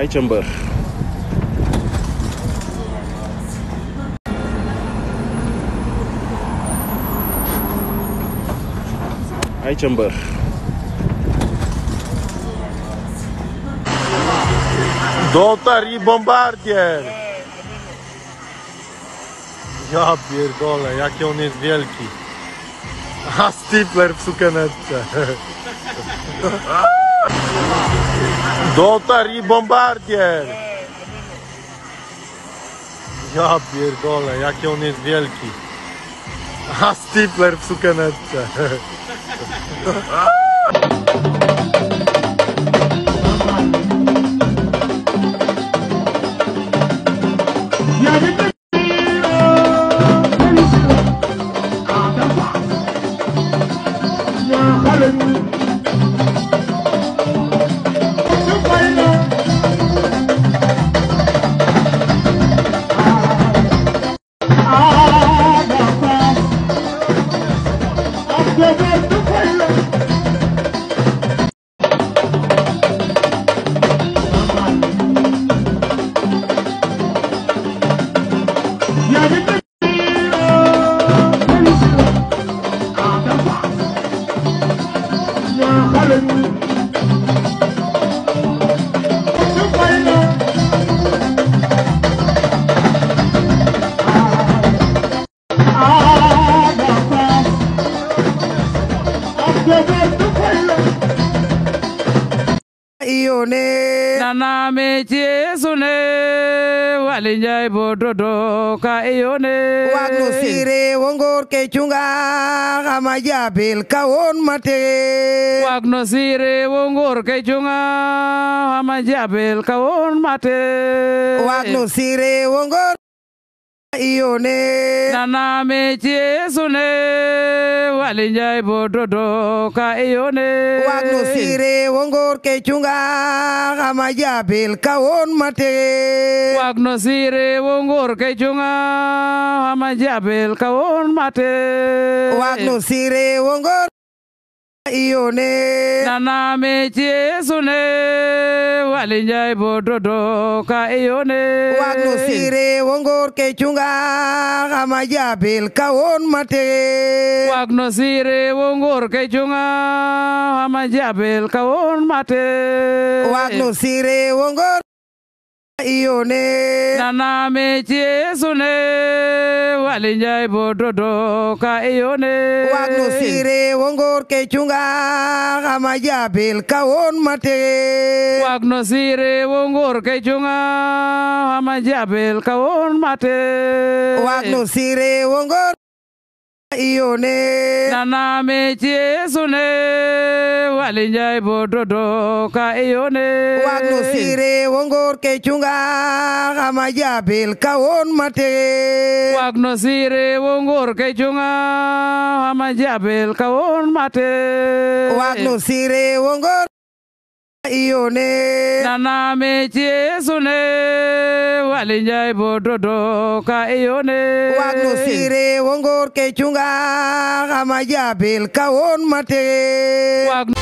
Aici în băr. Aici în băr. Dotari bombardier! Ja pierdolę, jaki on jest wielki. A Stifler w sukienetce. Dotar i bombardier! Ja pierdolę, jaki on jest wielki. A Stipler w sukienetce. Let's go, yone naname ci yesu ne wali njay bododo ka yone wagno sire wongor ke chunga ama jabil kawon mate wagno sire wongor ke chunga ama jabil kawon mate wagno sire wongor yone naname ci yesu ne Aly Ndiaye bo dodo ka i yone wagno sire wo ngor ke cunga xama ka won mate wagno sire wo ngor ke cunga xama jabel ka won mate wagno sire wo ngor iyone nana meci yesune wali njay bododo ka iyone wagno sire wongor ke cunga xama jabil ka won mate wagno sire wongor ke cunga xama jabil ka won mate wagno sire wongor iyone nana meci yesune Ali Njaay bo dodo ka e yone waag no siire wo ngoor ke cunga xama jaabel ka woon ma tege waag no siire wo ngoor ke cunga xama jaabel ka woon ma tege waag no siire iyone naname ciesune wali njay bododo ka iyone wagno sire wongor ke cunga xama jabil ka won mate wagno sire wongor ke cunga xama jabil ka won mate wagno sire wongor iyone nana meci yesune wali njay bododo ka iyone wagno sire wongor ke cunga xama jabil kawon mate